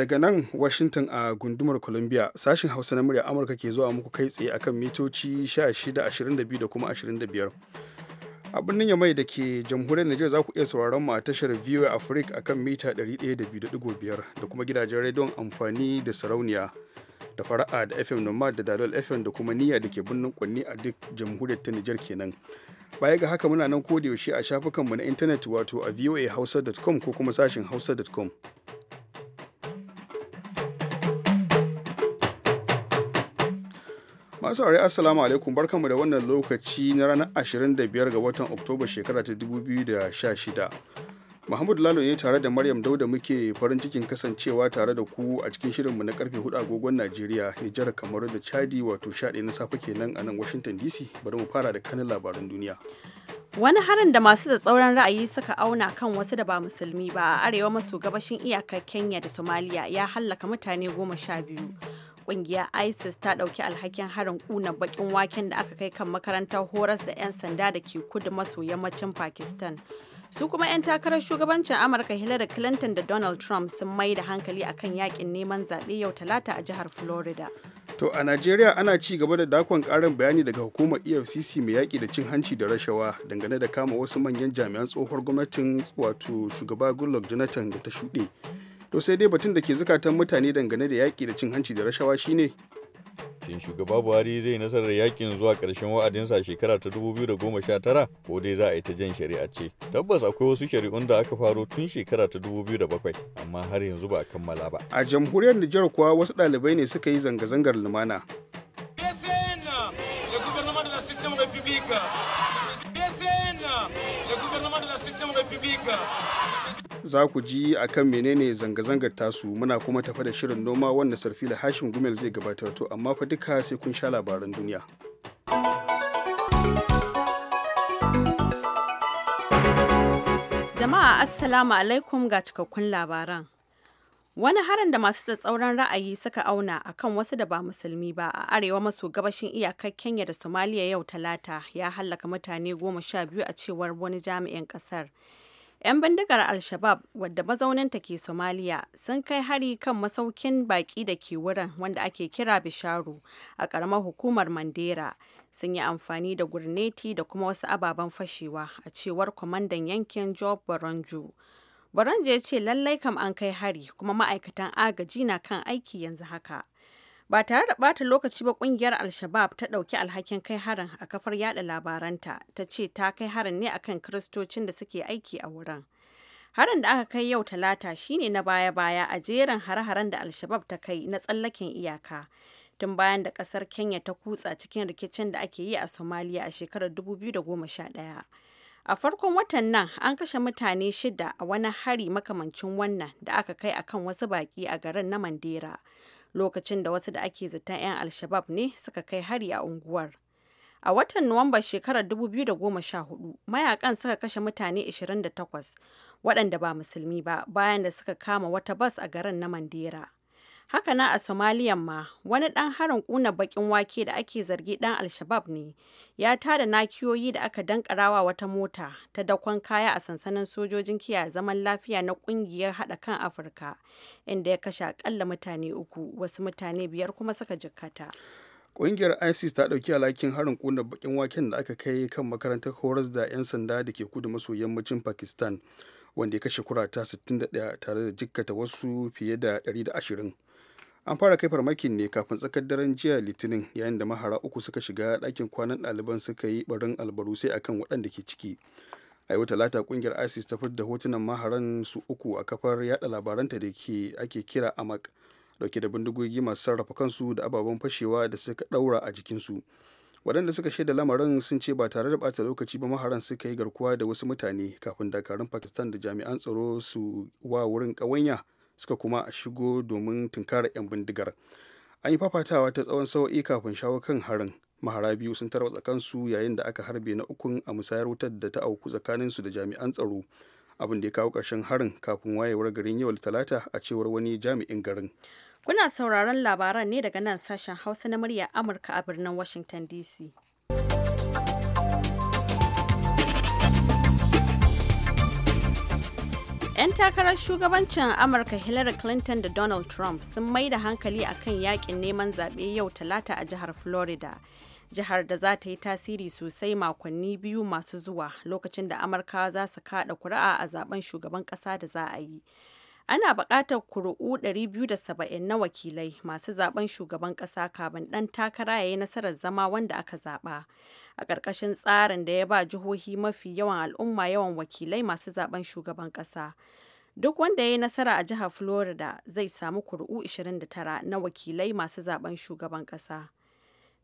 daga nan washington a gundumar columbia sashin hausa na murya amurka ke zuwa muku kai tsaye akan mitoci 16 22 da kuma 25 a birnin yamai da ke jamhuriyar Nijar za ku iya sauraron mu a tashar VOA Africa akan mita 102.5 da kuma gidajen rediyon amfani da sarauniya da fara'a da FM Nomad da Dalol FM da kuma niyya da ke birnin Kwanni a duk jamhuriyar ta Nijar kenan. Baya ga haka muna nan kodiyoshi yaushe a shafukanmu na intanet wato a voahausa.com ko kuma sashin hausa.com. masu aure assalamu alaikum barkanmu da wannan lokaci na ranar 25 ga watan oktoba shekara ta 2016 Mahmud Lalo ne tare da Maryam Dauda muke farin cikin kasancewa tare da ku a cikin shirinmu na karfe 4 agogon Najeriya, Nijar, Kamaru da Chadi wato 11 na safe kenan a nan Washington DC. Bari mu fara da kanin labaran duniya. Wani harin da masu da tsauran ra'ayi suka auna kan wasu da ba musulmi ba a arewa maso gabashin iyakar Kenya da Somalia ya hallaka mutane goma sha biyu. kungiyar isis ta dauki alhakin harin kuna bakin waken da aka kai kan makarantar horas da 'yan sanda da ke kudu maso yammacin pakistan su kuma 'yan takarar shugabancin amurka hillary clinton da donald trump sun mai da hankali akan yakin neman zaɓe yau talata a jihar florida to a najeriya ana ci gaba da dakon karin bayani daga hukumar efcc mai yaki da cin hanci da rashawa dangane da kama wasu manyan jami'an tsohuwar gwamnatin wato shugaba goodluck jonathan da ta shuɗe to sai dai batun da ke zukatan mutane dangane da yaƙi da cin hanci da rashawa shine shin shugaba buhari zai nasarar yakin zuwa ƙarshen wa'adinsa shekara ta 2019 ko dai za a yi ta jan shari'a ce tabbas akwai wasu shari'un da aka faro tun shekara ta 2007 amma har yanzu ba a kammala ba a jamhuriyar nijar kuwa wasu ɗalibai ne suka yi zanga-zangar lumana Za ku ji a kan menene zanga-zangar tasu muna kuma tafa da shirin noma wanda sarfila Hashim Gumel zai gabatar to amma fa duka sai kun sha labaran duniya. Jama'a Assalamu alaikum ga cikakkun labaran. Wani harin da masu tsatsauran ra'ayi suka auna a kan wasu da ba musulmi ba a arewa maso gabashin iyakar Kenya da Somalia yau talata ya hallaka mutane goma sha biyu a cewar wani jami'in kasar. 'Yan bindigar Al-Shabab wadda mazauninta ke Somalia sun kai hari kan masaukin baki da ke wurin wanda ake kira Bisharu a ƙaramar hukumar Mandera. Sun yi amfani da gurneti da kuma wasu ababen fashewa a cewar kwamandan yankin Job Baronjo. Baranja ya ce lallai kam an kai hari kuma ma'aikatan agaji na kan aiki yanzu haka. Ba tare da ɓata lokaci ba kungiyar al shabaab ta ɗauki alhakin kai harin a kafar yada labaranta ta ce ta kai harin ne akan kiristocin da suke aiki a wurin. Harin da aka kai yau talata shine na baya-baya a jerin hare-haren da al shabaab ta kai na tsallaken iyaka. Tun bayan da ƙasar Kenya ta kutsa cikin rikicin da ake yi a Somalia a shekarar 2011. A farkon watan nan an kashe mutane shida a wani hari makamancin wannan da aka kai a kan wasu baƙi a garin na Mandera lokacin da wasu da ake zaton 'yan Alshabab ne suka kai hari a unguwar. A watan Nuwambar shekarar 2014, mayakan suka kashe mutane 28 waɗanda ba musulmi ba bayan da suka kama wata bas a garin na Mandera. Haka nan a Somaliyan ma, wani dan harin kuna bakin wake da ake zargi ɗan Alshabab ne, ya tada nakiyoyi da aka dankarawa wata mota ta dakon kaya a sansanin sojojin kiyaye zaman lafiya na kungiyar hada kan Afirka, inda ya kashe akalla mutane uku, wasu mutane biyar kuma suka jikkata. Ƙungiyar ISIS ta dauki alhakin harin kuna bakin waken da aka kai kan makarantar horas da 'yan sanda da ke kudu maso yammacin Pakistan, wanda ya kashe kurata 61 tare da jikkata wasu fiye da 120. an fara kai farmakin ne kafin tsakar daren jiya litinin yayin da mahara uku suka shiga dakin kwanan ɗaliban suka yi barin albaru sai akan waɗanda ke ciki a yau talata kungiyar isis ta da hotunan maharan su uku a kafar yada labaranta da ke ake kira amak dauke da bindigogi masu sarrafa kansu da ababen fashewa da suka daura a jikinsu waɗanda suka shaida lamarin sun ce ba tare da bata lokaci ba maharan suka yi garkuwa da wasu mutane kafin dakarun pakistan da jami'an tsaro su wa wurin ƙawanya suka kuma a shigo domin tunkara 'yan bindigar an yi fafatawa ta tsawon sawa'i kafin shawo kan harin mahara biyu sun tarwatsa kansu yayin da aka harbe na ukun a musayar wutar da ta auku tsakanin su da jami'an tsaro abin da ya kawo ƙarshen harin kafin wayewar garin yau talata a cewar wani jami'in garin kuna sauraron labaran ne daga nan sashen hausa na murya amurka a birnin washington dc takarar shugabancin Amurka Hillary Clinton da Donald Trump sun mai da hankali a kan yakin neman zaɓe yau talata a jihar Florida. Jihar da za ta yi tasiri sosai makonni biyu masu zuwa lokacin da Amurka za su kaɗa kuri'a a zaben shugaban ƙasa da za a yi. Ana buƙatar kuri'u 270 na wakilai masu zaben shugaban ƙasa kafin ɗan takara ya yi nasarar zama wanda aka zaɓa. a ƙarƙashin tsarin da ya ba jihohi mafi yawan al'umma yawan wakilai masu zaben shugaban ƙasa. Duk wanda ya yi nasara a jihar Florida zai samu kuri'u 29 na wakilai masu zaben shugaban ƙasa.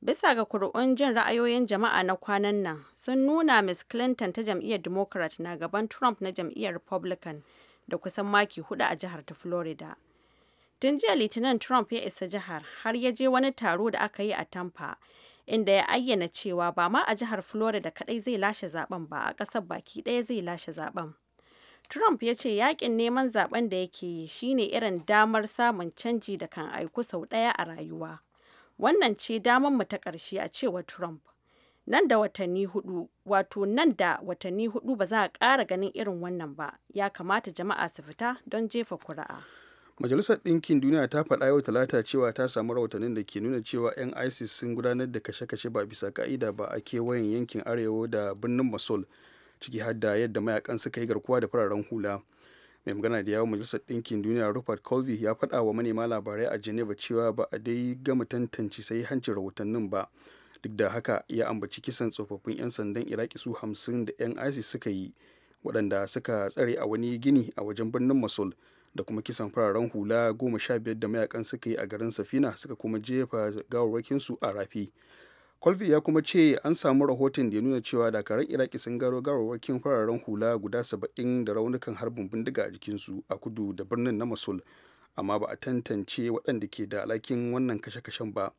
Bisa ga kuri'un jin ra'ayoyin jama'a na kwanan nan sun nuna Ms. Clinton ta jam'iyyar Democrat na gaban Trump na jam'iyyar Republican da kusan maki hudu a jihar ta Florida. Tun jiya Litinin Trump ya isa jihar har ya je wani taro da aka yi a Tampa inda ya ayyana cewa ba ma a jihar Florida kadai zai lashe zaben ba a ƙasar baki ɗaya zai lashe zaben. Trump ya ce yakin neman zaben da yake yi shine irin damar samun canji da kan aiku sau ɗaya a rayuwa. Wannan ce damar mu ta ƙarshe a cewa Trump. Nan da watanni hudu, wato nan da watanni hudu ba za a ƙara ganin irin wannan ba, ya kamata jama'a su fita don jefa kura'a. Majalisar Ɗinkin Duniya ta faɗa yau Talata cewa ta samu rahotannin da ke nuna cewa 'yan ISIS sun gudanar da kashe-kashe ba bisa ka'ida ba a kewayen yankin arewa da birnin Mosul. ciki har da yadda mayakan suka yi garkuwa da fararen hula mai magana da yawon majalisar ɗinkin duniya rupert colby ya faɗa wa manema labarai a geneva cewa ba a dai gama tantance sai hancin rahotannin ba duk da haka ya ambaci kisan tsofaffin 'yan sandan iraki su hamsin da 'yan isis suka yi waɗanda suka tsare a wani gini a wajen birnin mosul da kuma kisan fararen hula goma sha biyar da mayakan suka yi a garin safina suka kuma jefa gawarwakinsu a rafi kwalfi ya kuma ce an samu rahoton da ya nuna cewa dakarar iraki sun gano gawarwakin fararen hula guda saba'in da raunukan harbin bindiga a jikinsu a kudu da birnin na musul amma ba a tantance waɗanda ke da alakin wannan kashe-kashen ba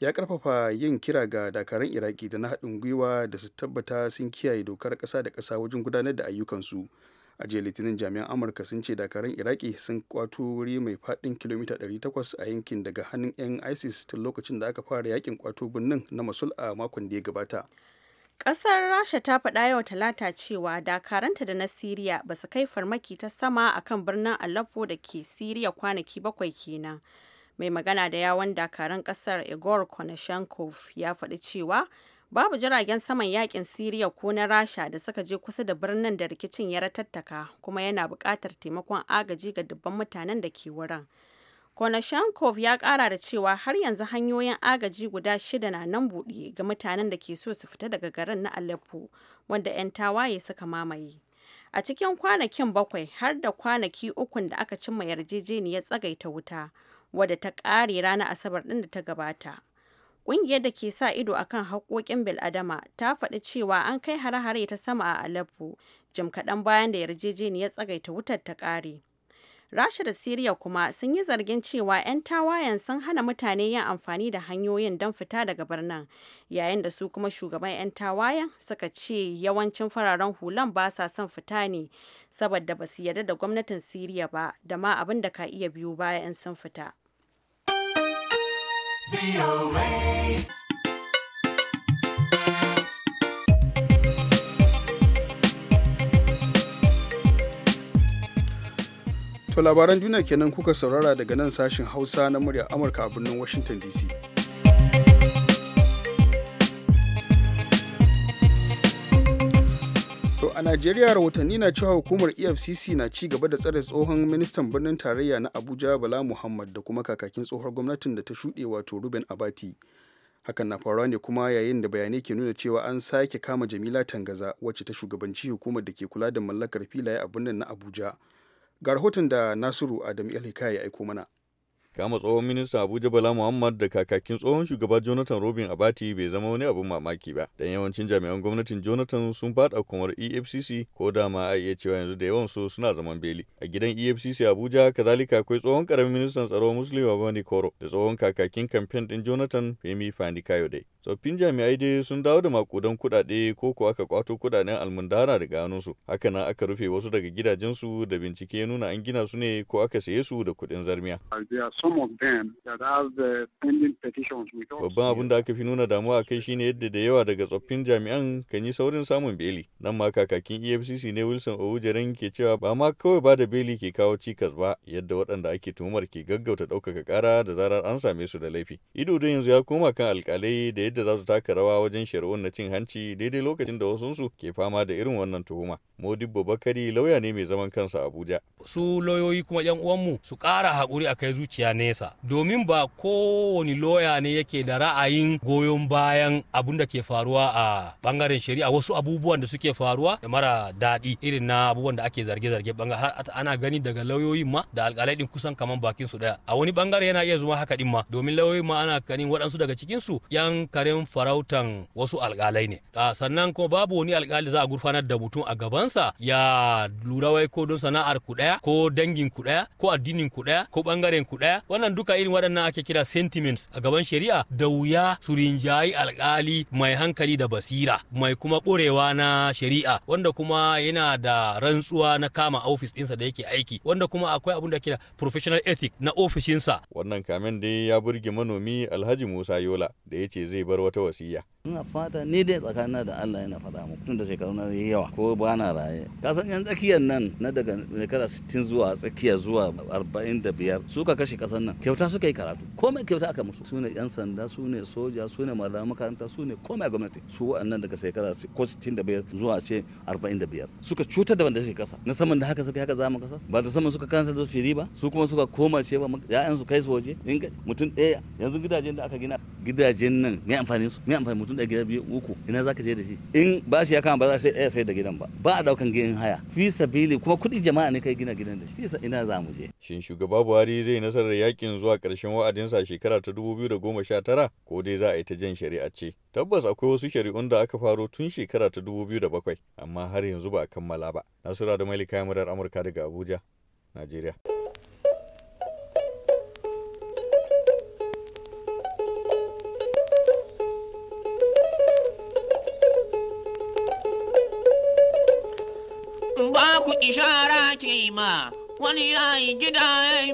ya karfafa yin kira ga dakarun iraki da na haɗin gwiwa da su tabbata sun kiyaye dokar ƙasa da ƙasa wajen gudanar da ayyukansu a jiya litinin jami'an amurka sun ce dakarun iraki sun kwato wuri mai faɗin kilomita 800 a yankin daga hannun 'yan isis tun lokacin da aka fara yakin kwato birnin na masul a makon da ya gabata Ƙasar Rasha ta faɗa yau Talata cewa dakaranta da na Siriya ba su kai farmaki ta sama a kan birnin Aleppo da ke Siriya kwanaki bakwai kenan. Mai magana da yawon dakaran ƙasar Igor Konashenkov ya faɗi cewa babu jiragen saman yakin siriya ko na rasha da suka je kusa da birnin da rikicin ya ratattaka kuma yana buƙatar taimakon agaji ga dubban mutanen da ke wurin konashankov ya ƙara da cewa har yanzu hanyoyin agaji guda shida na nan buɗe ga mutanen da ke so su fita daga garin na aleppo wanda 'yan tawaye suka mamaye a cikin kwanakin bakwai har da kwanaki ukun da aka cimma yarjejeniyar tsagaita wuta wadda ta ƙare ranar asabar ɗin da ta gabata Ƙungiyar da ke sa ido a kan haƙƙoƙin bil'adama ta faɗi cewa an kai hare-hare ta sama a Aleppo jim kaɗan bayan da yarjejeniyar tsagaita wutar ta ƙare. Rasha da Siriya kuma sun yi zargin cewa 'yan tawayen sun hana mutane yin amfani da hanyoyin don fita daga birnin, yayin da su kuma shugaban 'yan tawayen suka ce yawancin fararen hulan ba sa son fita ne saboda ba su yarda da gwamnatin Siriya ba da ma abin da ka iya biyu baya in sun fita. To labaran duniya kenan kuka saurara daga nan sashin Hausa na murya Amurka a birnin Washington DC. a najeriya rahotanni na cewa hukumar efcc na ci gaba da tsare tsohon ministan birnin tarayya na abuja bala muhammad da kuma kakakin tsohon gwamnatin da ta shuɗe wato ruben abati hakan na faruwa ne kuma yayin da bayanai ke nuna cewa an sake kama jamila tangaza wacce ta shugabanci hukumar da ke kula da mallakar filaye a birnin na abuja ga rahoton da nasiru adam ya aiko mana Kama tsohon minista Abuja Bala Muhammad da kakakin tsohon shugaba Jonathan Robin Abati bai zama wani abin mamaki ba. Dan yawancin jami'an gwamnatin Jonathan sun fada kumar EFCC ko da ma a iya cewa yanzu da yawan su suna zaman beli. A gidan EFCC Abuja kazalika akwai tsohon karamin ministan tsaro Muslim Babani Koro da tsohon kakakin kamfen din Jonathan Femi Fani Kayode. Tsoffin jami'ai dai sun dawo da makudan kuɗaɗe ko ko aka kwato kuɗaɗen almundana ganin su Haka nan aka rufe wasu daga gidajensu da bincike nuna an gina su ne ko aka saye su da kuɗin zarmiya. Uh, Babban abin da aka fi nuna damuwa a kai shine yadda da yawa daga tsoffin jami'an kan yi saurin samun beli. Nan ma kakakin EFCC ne Wilson Owujeren ke cewa ba ma kawai ba da beli ke kawo cikas ba yadda waɗanda ake tuhumar ke gaggauta ɗaukaka kara da zarar an same su da laifi. Ido don yanzu ya koma kan alƙalai da yadda za su taka rawa wajen shari'un na cin hanci daidai lokacin da wasunsu ke fama da irin wannan tuhuma. Modibbo Bakari lauya ne mai zaman kansa Abuja. su lauyoyi kuma yan uwanmu su kara hakuri a kai zuciya nesa domin ba kowane loya ne yake da ra'ayin goyon bayan abun da ke faruwa a bangaren shari'a wasu abubuwan da suke faruwa da mara daɗi irin na abubuwan da ake zarge-zarge bangaren ana gani daga lauyoyi ma da alƙalai din kusan kaman bakin su daya a wani bangare yana iya zuma haka ɗin ma domin lauyoyi ma ana ganin waɗansu daga cikin su yan karen farautan wasu alƙalai ne sannan kuma babu wani alƙali za a gurfanar da mutum a gabansa ya lura wai ko don sana'ar kuɗa ɗaya ko dangin ku ɗaya ko addinin ku ɗaya ko bangaren ku ɗaya wannan duka irin waɗannan ake kira sentiments a gaban shari'a da wuya su rinjayi alkali mai hankali da basira mai kuma ƙorewa na shari'a wanda kuma yana da rantsuwa na kama ofis ɗinsa da yake aiki wanda kuma akwai abin da kira professional ethic na ofishinsa wannan kamen dai ya burge manomi alhaji musa yola da ya ce zai bar wata wasiya ina fata ni dai tsakanina da Allah yana faɗa muku tun da shekaru na yawa ko ba na raye ka san yan tsakiyar nan na daga shekara 60 zuwa tsakiya zuwa 45 suka kashe kasar nan kyauta suka yi karatu komai kyauta aka musu su ne yan sanda su ne soja su ne malaman makaranta su ne komai gwamnati su waɗannan daga shekara ko 65 zuwa ce 45 suka cutar da wanda suke kasa na saman da haka suka haka zama kasa ba da saman suka karanta da firi ba su kuma suka koma ce ba ya'yan su kai su waje mutum ɗaya yanzu gidajen da aka gina gidajen nan mai amfani su mai amfani mutum da gida biyu uku ina zaka je da shi in ba shi ya kama ba za sai ɗaya sai da gidan ba ba a daukan gidan haya fi sabili kuma kudi jama'a ne kai gina gidan da shi ina za mu je shin shugaba Buhari zai nasarar yakin zuwa karshen wa'adin sa shekara ta 2019 ko dai za a yi ta jan shari'a ce tabbas akwai wasu shari'un da aka faro tun shekara ta 2007 amma har yanzu ba a kammala ba nasura da Malika murar Amurka daga Abuja Najeriya ku ishara ke wani yayi gida ya yi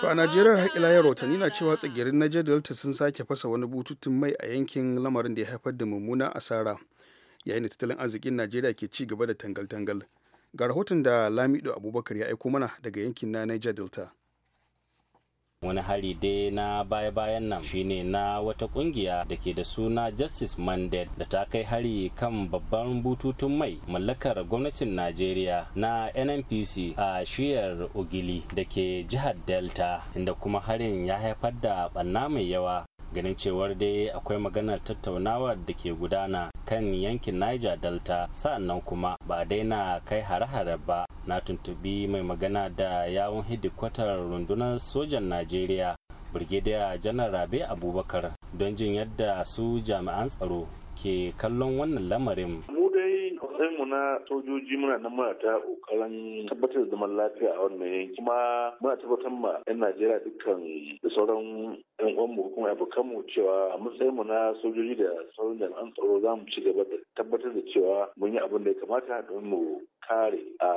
To a Najeriya haƙila ya rotani na cewa tsigirin Niger Delta sun sake fasa wani bututun mai a yankin lamarin da ya haifar da mummuna asara yayin da tattalin arzikin Najeriya ke ci gaba da tangal-tangal. Ga rahoton da Lamido Abubakar ya aiko mana daga yankin na Niger Delta. wani hari dai na baya-bayan nan shine na wata kungiya da ke da suna justice mandate da ta kai hari kan babban bututun mai mallakar gwamnatin najeriya na nnpc a shiyar ogili da ke jihar delta inda kuma harin ya haifar da ɓanna mai yawa ganin cewar dai akwai maganar tattaunawa da ke gudana kan yankin niger delta sa'annan kuma ba daina kai hare-hare ba na tuntubi mai magana da yawon hidikwatar rundunar sojan najeriya birgidiya janar rabe abubakar don jin yadda su jami'an tsaro ke kallon wannan lamarin matsayin mu na sojoji muna nan muna ta kokarin tabbatar da zaman lafiya a wannan yanki kuma muna tabbatar ma 'yan Najeriya dukkan da sauran 'yan uwan mu kuma abokan mu cewa a matsayin mu na sojoji da sauran jami'an tsaro za mu ci gaba da tabbatar da cewa mun yi abin da ya kamata don mu kare a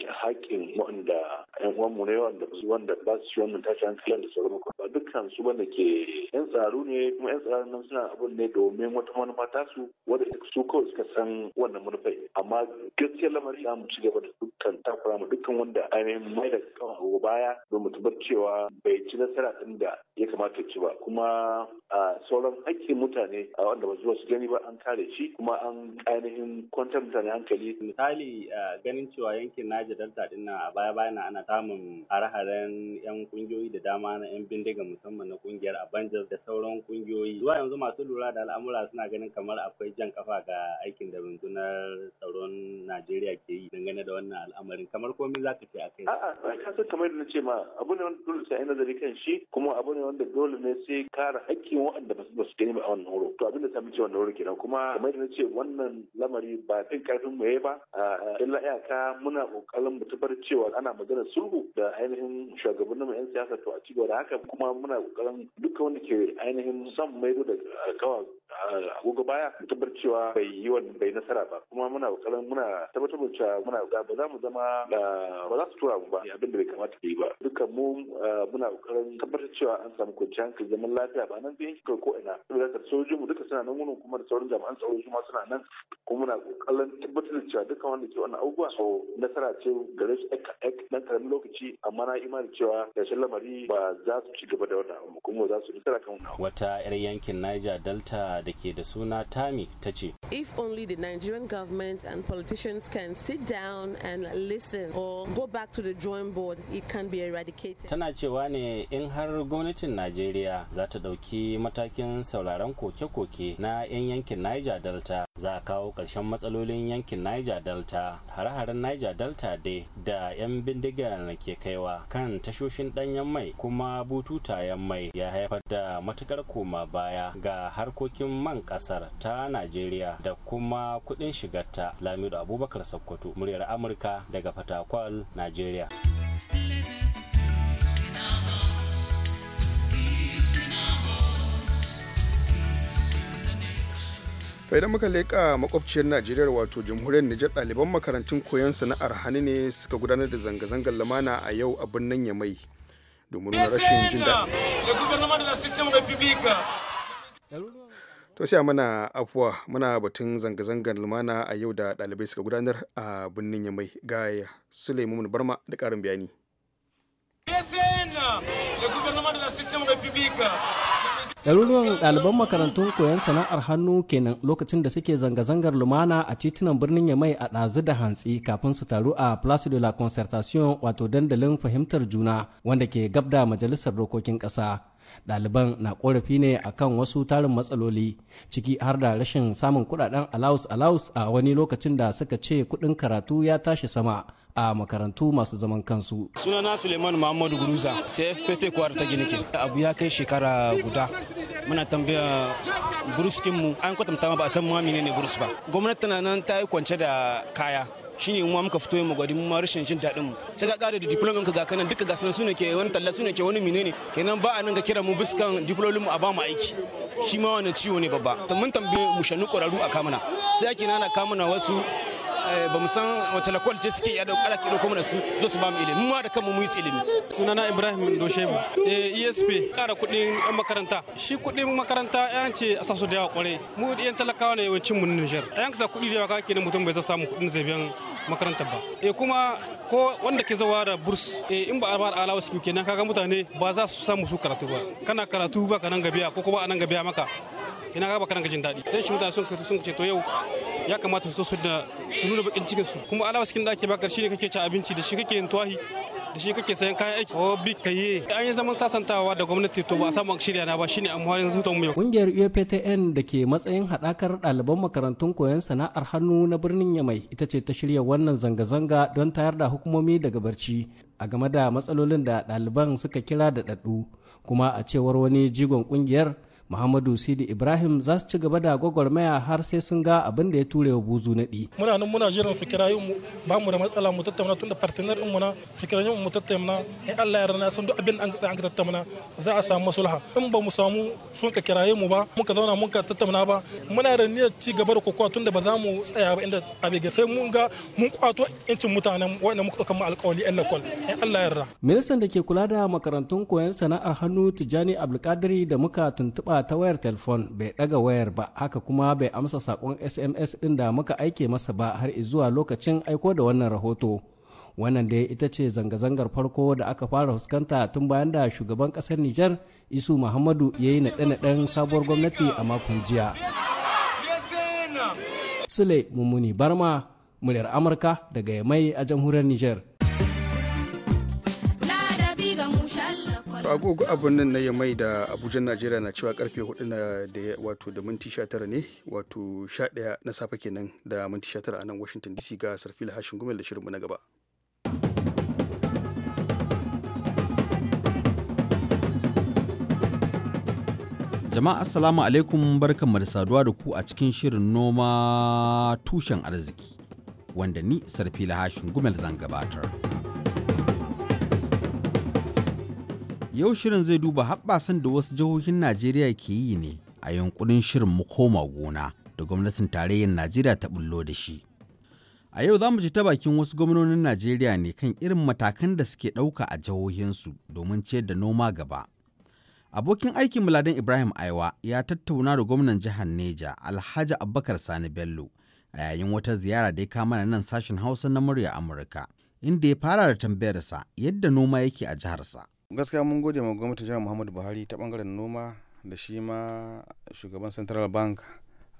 haƙƙin wanda yan uwan mu ne wanda su wanda ba su wannan tashi hankalin da sauran ba dukkan su wanda ke yan tsaro ne kuma yan tsaron nan suna abin ne domin wata manufa su wanda su kawai suka san wannan rufe amma gaskiya lamarin za mu ci gaba da dukkan takura mu dukkan wanda ainihin mai da kawo baya don mu cewa bai ci nasara ɗin da ya kamata ci ba kuma a sauran hakkin mutane a wanda ba zuwa su gani ba an kare shi kuma an ainihin kwantar mutane hankali. misali ganin cewa yankin naja delta din na a baya baya na ana samun hare-haren yan kungiyoyi da dama na yan bindiga musamman na kungiyar abanjas da sauran kungiyoyi zuwa yanzu masu lura da al'amura suna ganin kamar akwai jan kafa ga aikin da rundunar ma'aikatar tsaron Najeriya ke yi dangane da wannan al'amarin kamar komai za ka ce a kai. A'a ka san kamar yadda na ce ma abu ne wanda dole sai nazari kan shi kuma abu ne wanda dole ne sai kare haƙƙin waɗanda ba su gani ba a wannan horo. To abin da sami ce wannan kenan kuma kamar yadda na ce wannan lamari ba fin karfin mu ba illa iyaka muna kokarin mu tabbatar cewa ana magana sulhu da ainihin shugabannin 'yan siyasa to a ci gaba da haka kuma muna kokarin duka wanda ke ainihin son maido da kawa gogo baya tabbar cewa bai yi bai nasara ba kuma muna kokarin muna tabbatar da cewa muna ba za mu zama ba za su tura mu ba abin da bai kamata yi ba dukkan mu eh, muna kokarin tabbatar cewa an samu kwanciyar hankali zaman lafiya ba nan zai ko ina saboda sojojin mu duka suna nan wurin kuma da sauran jami'an tsaro su ma suna nan kuma muna kokarin tabbatar da cewa dukkan wanda ke wannan abubuwa so nasara ce gare shi dan karamin lokaci amma na imani cewa karshen lamari ba za su ci gaba da wannan abu kuma za su nasara kan wannan wata yar yankin Niger Delta da ke da suna Tami ta ce if only the Nigerian government and politicians can sit down and listen or go back to the drawing board it can be eradicated tana cewa ne in har gwamnatin Najeriya za ta dauki matakin sauraron koke-koke na 'yan yankin Niger Delta za a kawo ƙarshen matsalolin yankin niger delta hare-haren niger delta dai da 'yan bindigar ke kaiwa kan tashoshin ɗanyen mai kuma bututayen mai ya haifar da matukar koma baya ga harkokin man ƙasar ta najeriya da kuma kuɗin shigarta lamido abubakar sokoto muryar amurka daga fatakwal najeriya to idan muka leƙa makwabciyar najeriya wato jamhuriyar nijar ɗaliban makarantun koyon sana'ar hannu ne suka gudanar da zanga-zangar lamana a yau a birnin yamai domin nuna rashin jin daɗi to sai mana afuwa muna batun zanga-zangar lumana a yau da ɗalibai suka gudanar a birnin yamai ga suleiman barma da ƙarin bayani ɗaruruwan ɗaliban makarantun koyon sana'ar hannu kenan lokacin da suke zanga-zangar lumana a titunan birnin yamai a ɗazu da hantsi kafin su taru a place de la concertation wato dandalin fahimtar juna wanda ke gabda majalisar dokokin ƙasa ɗaliban na korafi ne akan wasu tarin matsaloli ciki har da rashin samun kuɗaɗen alaus-alaus a wani lokacin da suka ce kuɗin karatu ya tashi sama a makarantu masu zaman kansu. Sunana Suleiman Muhammadu Guruza, CFPT kwar ta gini Abu ya kai shekara guda. Muna tambaya buruskinmu an kwatanta ba a san ma menene burus ba. Gwamnati na nan ta yi kwance da kaya. shine mu muka fito mu gwadi mu ma rashin jin daɗin mu sai ka ƙara da diplomin ka ga kanan duka ga sanan sune ke wani talla sune ke wani menene kenan ba a nan kira mu biskan diplomin mu a ba mu aiki shi ma wannan ciwo ne babba mun tambaye mu shanu ƙwararru a kamuna sai ake nana kamuna wasu eh, ba mu san wace lakwal ce suke yada dauka ke dauko mana su zo su ba mu ilimi mu da kanmu mu yi ilimi sunana Ibrahim Doshebu eh ESP kara kudin yan makaranta shi kudin makaranta yan ce a sasu da yawa kwarai mu yan talakawa ne yawancin mu Niger yan kasa kudi da yawa kake ne mutum bai sa samu kudin zai biyan makarantar ba E kuma ko wanda ke zawa da burs eh, in ba a ba alawa su kenan kaga mutane ba za su samu su karatu ba kana karatu ba ka nan gabiya ko kuma a nan gabiya maka ina ga baka jin daɗi dan shi mutane sun sun ce to yau ya kamata su su da su nuna bakin cikin su kuma alawa cikin da ake baka shi ne kake ci abinci da shi kake yin tuwahi da shi kake sayan kayan aiki ko bi kaye an yi zaman sasantawa da gwamnati to ba a samu shirya na ba shine amfanin hutun mu yau kungiyar UPTN da ke matsayin hadakar ɗaliban makarantun koyon sana'ar hannu na birnin Yamai ita ce ta shirya wannan zanga-zanga don tayar da hukumomi daga barci a game da matsalolin da ɗaliban suka kira da ɗaɗɗu kuma a cewar wani jigon kungiyar Muhammadu Sidi Ibrahim za su ci gaba da gwagwarmaya har sai sun ga abin da ya ture wa buzu ɗi. Muna nan muna jiran su kirayi mu ba mu da matsala mu tattauna tunda partner ɗin mu na su kirayi mu tattauna in Allah ya rana san duk abin da an an tattauna za a samu maslaha in ba mu samu sun ka kiraye mu ba muka zauna mun ka tattauna ba muna da niyyar ci gaba da kokowa tunda ba za mu tsaya ba inda abi ga sai mun ga mun kwato incin mutanen wanda muka ɗauka mu alƙawari ɗan lakol in Allah ya rana. Ministan da ke kula da makarantun koyon sana'ar hannu Tijjani Abdulkadiri da muka tuntuɓa ta wayar telefon bai ɗaga wayar ba haka kuma bai amsa sakon sms ɗin da muka aike masa ba har zuwa lokacin aiko da wannan rahoto wannan dai ita ce zanga-zangar farko da aka fara fuskanta tun bayan da shugaban ƙasar niger isu muhammadu ya yi naɗe-naɗen sabuwar gwamnati a makon jiya sule mummuni barma muryar amurka daga mai a jamhuriyar niger. agogo abun nan na ya mai da abuja najeriya na cewa karfe 4 na da wato da minti 19 ne wato 11 na safe kenan da minti 19 a nan washington dc ga sarfi hashin gumel da shirinmu na gaba jama'a assalamu alaikum barkanmu da saduwa da ku a cikin shirin noma tushen arziki wanda ni sarfi hashin gumel zan gabatar. Yau shirin zai duba haɓɓasan da wasu jihohin Najeriya ke yi ne a yankunan shirin mu koma gona da gwamnatin tarayyar Najeriya ta bullo da shi. A yau za mu ji ta bakin wasu gwamnonin Najeriya ne kan irin matakan da suke ɗauka a jihohinsu domin ciyar da noma gaba. Abokin aikin Muladen Ibrahim Aiwa ya tattauna da gwamnan jihar Neja Alhaji Abubakar Sani Bello a yayin wata ziyara da ya kama nan sashen Hausa na murya Amurka, inda ya fara da tambayarsa yadda noma yake a jiharsa. gaskiya mun gode ma gwamnatin jihar muhammadu buhari ta bangaren noma da shi ma shugaban central bank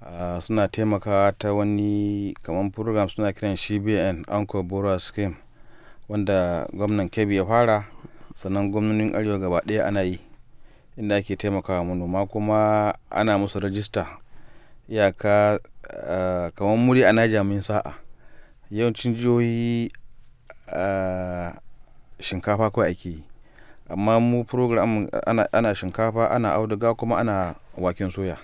Uh, suna taimakawa ta wani kamar program suna kiran cbn anko bora scheme wanda gwamnan kebbi ya fara sannan gwamnonin arewa gaba daya ana yi inda ake taimakawa manoma kuma ana musu rajista iyaka uh, kamar muri a naija min sa'a yawancin jihohi uh, shinkafa kawai ake yi amma mu program ana, shinkafa ana auduga kuma ana waken soya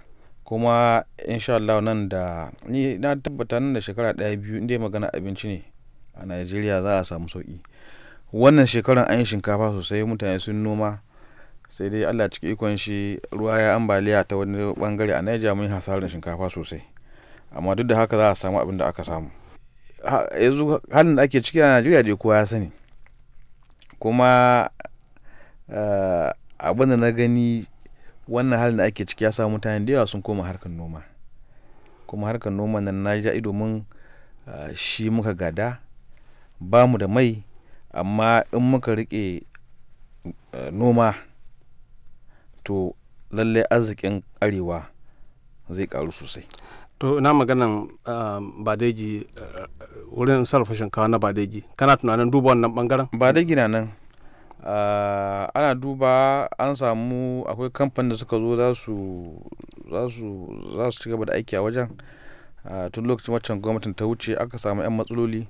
kuma insha Allah nan da ni na tabbata nan da shekara ɗaya biyu inda magana abinci ne a Najeriya za a samu sauki wannan shekarar an yi shinkafa sosai mutane sun noma sai dai Allah ciki ikon shi ruwa ya ambaliya ta wani bangare a Najeriya mun hasarar shinkafa sosai amma duk da haka za a samu abin da aka samu yanzu halin da ake ciki a Najeriya dai kowa ya sani kuma Eh, abin da na gani wannan halin da ake ciki ya sa mutane da yawa sun koma harkar noma kuma harkar noma nan na ja ido mun eh, shi muka gada ba mu da mai amma in muka rike eh, noma to lallai arzikin arewa zai karu sosai to ina maganan badeji wurin sarrafa shinkawa na badeji kana tunanin duba wannan bangaren badeji na nan Ah, ana duba an samu akwai kamfanin da suka zo za su ci gaba da aiki a wajen ah, tun lokacin waccan gwamnatin ta wuce aka samu 'yan matsaloli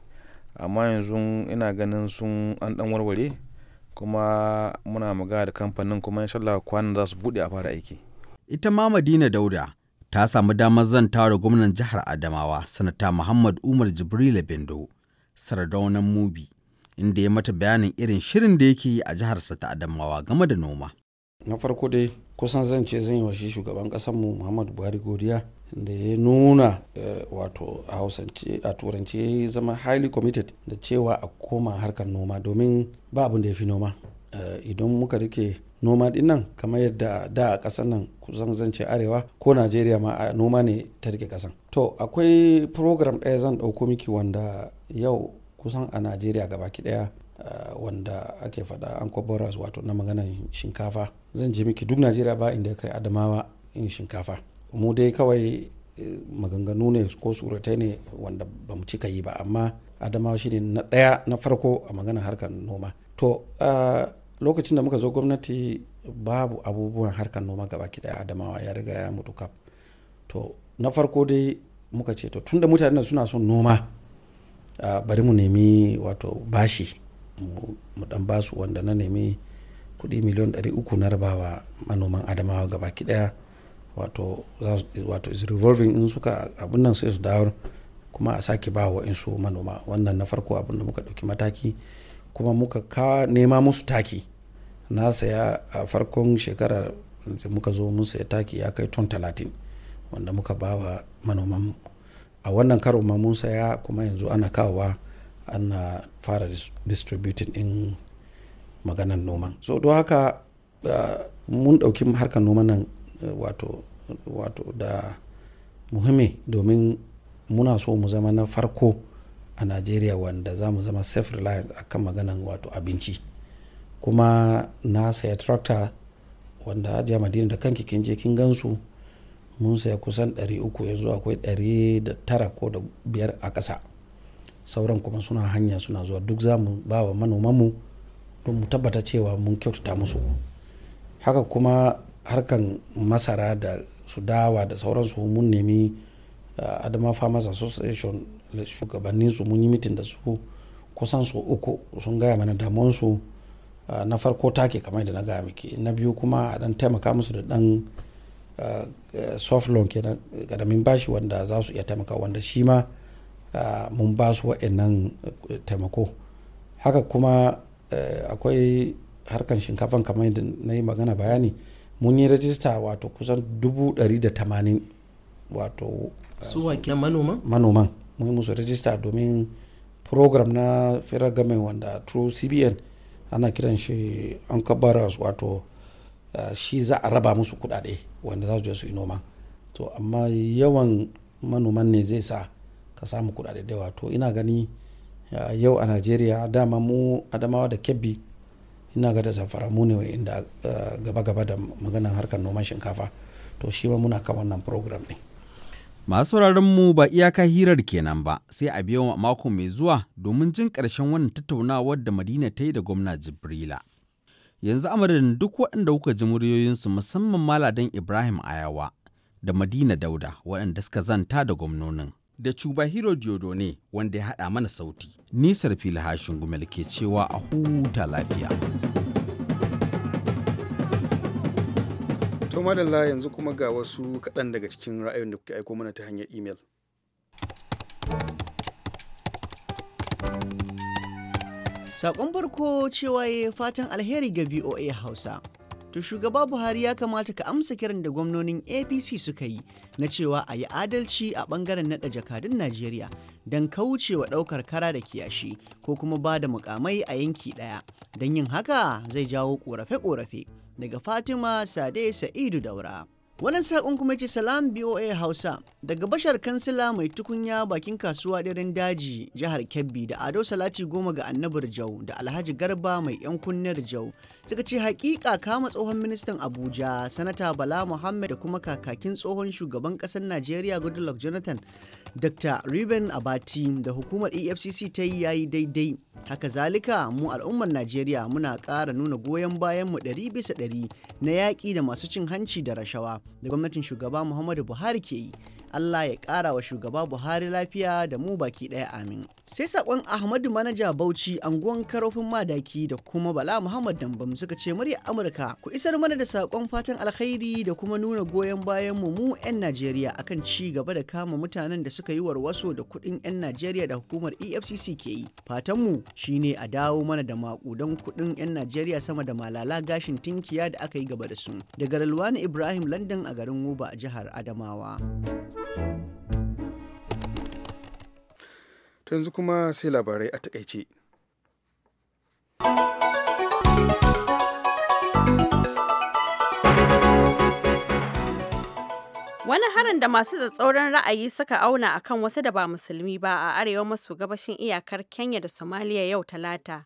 amma yanzu ina ganin sun an dan warware kuma muna magana da kamfanin kuma insha Allah kwanan za su bude a fara aiki ita ma Madina Dauda ta samu damar zantawa da gwamnan jihar Adamawa sanata Muhammad Umar Jibrila Bindo sardaunan Mubi inda ya mata bayanin irin shirin da yake yi a jiharsa ta Adamawa game da noma. Na farko dai kusan zan ce zan yi wa shi shugaban mu Muhammadu Buhari godiya da ya nuna eh, wato a hausance a turance ya zama highly committed da cewa a koma harkar noma domin ba abin da ya fi noma. Eh, idan muka rike noma din nan kamar yadda da a kasan nan kusan zan ce arewa ko najeriya ma a noma ne ta rike ƙasan to akwai program ɗaya zan ɗauko miki wanda yau kusan a najeriya gabaki daya eh, wanda ake fada an kwabaras wato na maganan shinkafa zan je miki duk najeriya ba inda ya kai adamawa in shinkafa mu dai kawai eh, maganganu ne ko suratai ne wanda ba mu cika yi ba amma adamawa shi na ɗaya na farko a magana harkar noma to eh, lokacin da muka zo gwamnati babu abubuwan harkar noma gabaki daya adamawa ya riga ya mutu kaf to na farko dai muka ce to tunda mutanen suna son noma Ah, bari mu nemi wato bashi mu dan basu wanda na nemi kuɗi miliyan 300 na rabawa manoman adamawa gaba daya wato wato is revolving in suka abin nan sai su dawo kuma a sake ba wa insu manoma wannan na farko abin da muka ɗauki mataki kuma muka ka nema musu taki na saya a farkon shekarar muka zo mun saya taki ya kai ton talatin wanda muka ba wa manoman a wannan karo ma mun saya kuma yanzu ana kawowa ana fara distributing in maganan noman so don haka ah, mun ɗauki harkar noman nan eh, wato da muhimmi domin muna so mu zama na farko a najeriya wanda za mu zama self reliant akan maganan wato abinci kuma na saya tractor wanda hajiya madina da kanki kin je kin gansu mun saya kusan 300 yanzu akwai 109 ko da biyar a ƙasa sauran kuma suna hanya suna zuwa duk za mu ba wa manomanmu don mu tabbata cewa mun kyautata musu haka kuma harkan masara da su dawa da sauransu mun nemi ah, adama farmers association shugabannin su mun yi mitin da su kusan su uku sun gaya mana damuwansu ah, na farko take kamar da na gaya miki na biyu kuma a dan taimaka musu da dan soft loan kenan karamin bashi wanda za su iya taimaka wanda shi ma mun ba su wa'annan eh, taimako haka kuma eh, akwai harkan shinkafan kamar yadda na yi magana bayani mun yi rajista wato kusan 180 wato eh, su manoman manoman mun yi musu rajista domin program na federal government wanda true cbn ana kiran shi an wato Eh, shi za a raba musu kuɗaɗe wanda za su je su yi noma to amma yawan manoman ne zai sa ka samu kuɗaɗe da yawa to ina gani eh, yau a najeriya dama mu adamawa da kebbi ina ga da zafara mu ne inda eh, gaba-gaba da maganan harkar noman shinkafa to shi ma muna kan wannan program ne masu mu ba iyaka hirar kenan ba sai a biyo mako mai zuwa domin jin ƙarshen wannan tattaunawar da madina ta yi da gwamna jibrila yanzu amarin duk waɗanda kuka ji muryoyinsu musamman maladan ibrahim ayawa da madina dauda waɗanda suka zanta da gwamnonin da diodo ne wanda ya haɗa mana sauti. Ni sarfi lahashin gumel ke cewa a huta lafiya. To madalla yanzu kuma ga wasu kaɗan daga cikin ra'ayin da kuke aiko mana ta hanyar imel. Sakon barko cewa ya fatan alheri ga VOA Hausa. To shugaba Buhari ya kamata ka amsa kiran da gwamnonin APC suka yi na cewa a yi adalci a bangaren naɗa jakadun Najeriya don kaucewa ɗaukar kara da kiyashi ko kuma ba da mukamai a yanki ɗaya Don yin haka zai jawo ƙorafe-ƙorafe daga Fatima Sade Sa'idu Daura. wannan saƙon kuma ce salam boa hausa daga bashar kansila mai tukunya bakin kasuwa ɗirin daji jihar kebbi da ado salati goma ga annabar jau da alhaji garba mai yan kunnar jau suka ce hakika kama tsohon ministan abuja sanata bala muhammad da kuma kakakin tsohon shugaban ƙasar najeriya goodluck jonathan dr ruben abati da hukumar efcc ta yi yayi daidai haka zalika mu al'ummar najeriya muna ƙara nuna goyon bayan mu ɗari bisa ɗari na yaƙi da masu cin hanci da rashawa da gwamnatin shugaba muhammadu buhari ke yi Allah ya ƙara wa shugaba Buhari lafiya da mu baki ɗaya amin. Sai saƙon Ahmadu Manaja Bauchi anguwan karofin madaki da kuma Bala Muhammad Dambam suka ce murya Amurka ku isar mana da saƙon fatan alkhairi da kuma nuna goyon bayan mu mu 'yan Najeriya akan ci gaba da kama mutanen da suka yi warwaso da kuɗin 'yan Najeriya da hukumar EFCC ke yi. Fatan mu shine a dawo mana da maƙudan kuɗin 'yan Najeriya sama da malala gashin tinkiya da aka yi gaba da su. Daga Ralwani Ibrahim London a garin Wuba a jihar Adamawa. yanzu kuma sai labarai a takaice. Wani harin da masu tsatsauran ra'ayi suka auna a kan wasu da ba musulmi ba a arewa maso gabashin iyakar Kenya da Somalia yau talata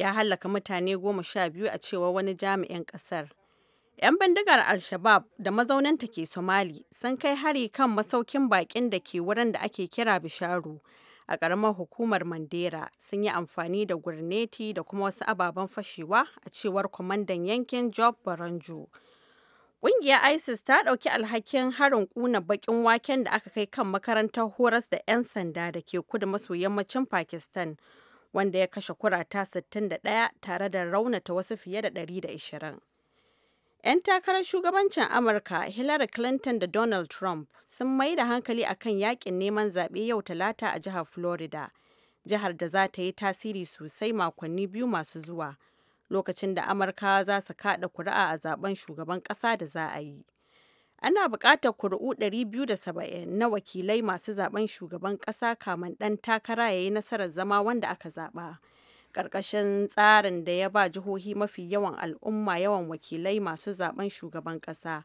ya hallaka mutane goma sha biyu a cewa wani jami'in ƙasar. 'Yan bindigar Al-Shabab da mazauninta ke Somali sun kai hari kan masaukin bakin da ke wurin da ake kira Bisharu a ƙaramar hukumar Mandera sun yi amfani da gurneti da kuma wasu ababen fashewa a cewar kwamandan yankin Job Baranjo. Ƙungiyar ISIS ta ɗauki alhakin harin ƙuna baƙin waken da aka kai kan makarantar horas da 'yan sanda da ke kudu maso yammacin Pakistan wanda ya kashe kurata 61 tare da raunata wasu fiye da 120. 'Yan takarar shugabancin Amurka Hillary Clinton da Donald Trump sun mai da hankali a kan yakin neman zaɓe yau talata a jihar Florida, jihar da za ta yi tasiri sosai makonni biyu masu zuwa, lokacin da amurka za su kaɗa kuri'a a zaben shugaban ƙasa da za a yi. Ana buƙatar kuri'u 270 na wakilai masu zaben shugaban ƙasa kamin ɗan takara ya yi nasarar zama wanda aka zaɓa. karkashin tsarin da ya ba jihohi mafi yawan al'umma yawan wakilai masu zaben shugaban kasa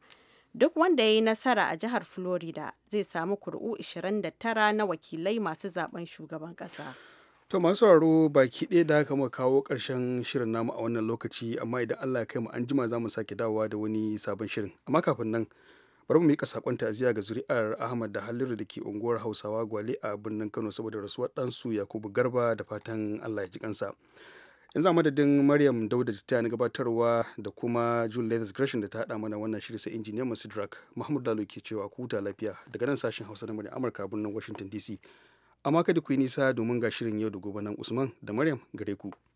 Duk wanda ya yi nasara a jihar Florida zai samu kuri'u 29 na wakilai masu zaben shugaban kasa. To masu sauraro baki ɗaya da haka muka kawo ƙarshen shirin namu a wannan lokaci amma idan Allah ya kai mu an jima za mu sake dawowa da wani sabon shirin. Amma kafin nan bari mu mika sakon ta'aziyya ga zuri'ar ahmad da halliru da ke unguwar hausawa gwale a birnin kano saboda rasuwar ɗansu yakubu garba da fatan allah ya ji kansa yanzu a madadin maryam dauda ta na gabatarwa da kuma june latest gresham da ta haɗa mana wannan shirin sai injiniyan masu drak mahmud lalo ke cewa ku huta lafiya daga nan sashen hausa na murya amurka birnin washington dc amma kada ku yi nisa domin ga shirin yau da gobe nan usman da maryam gare ku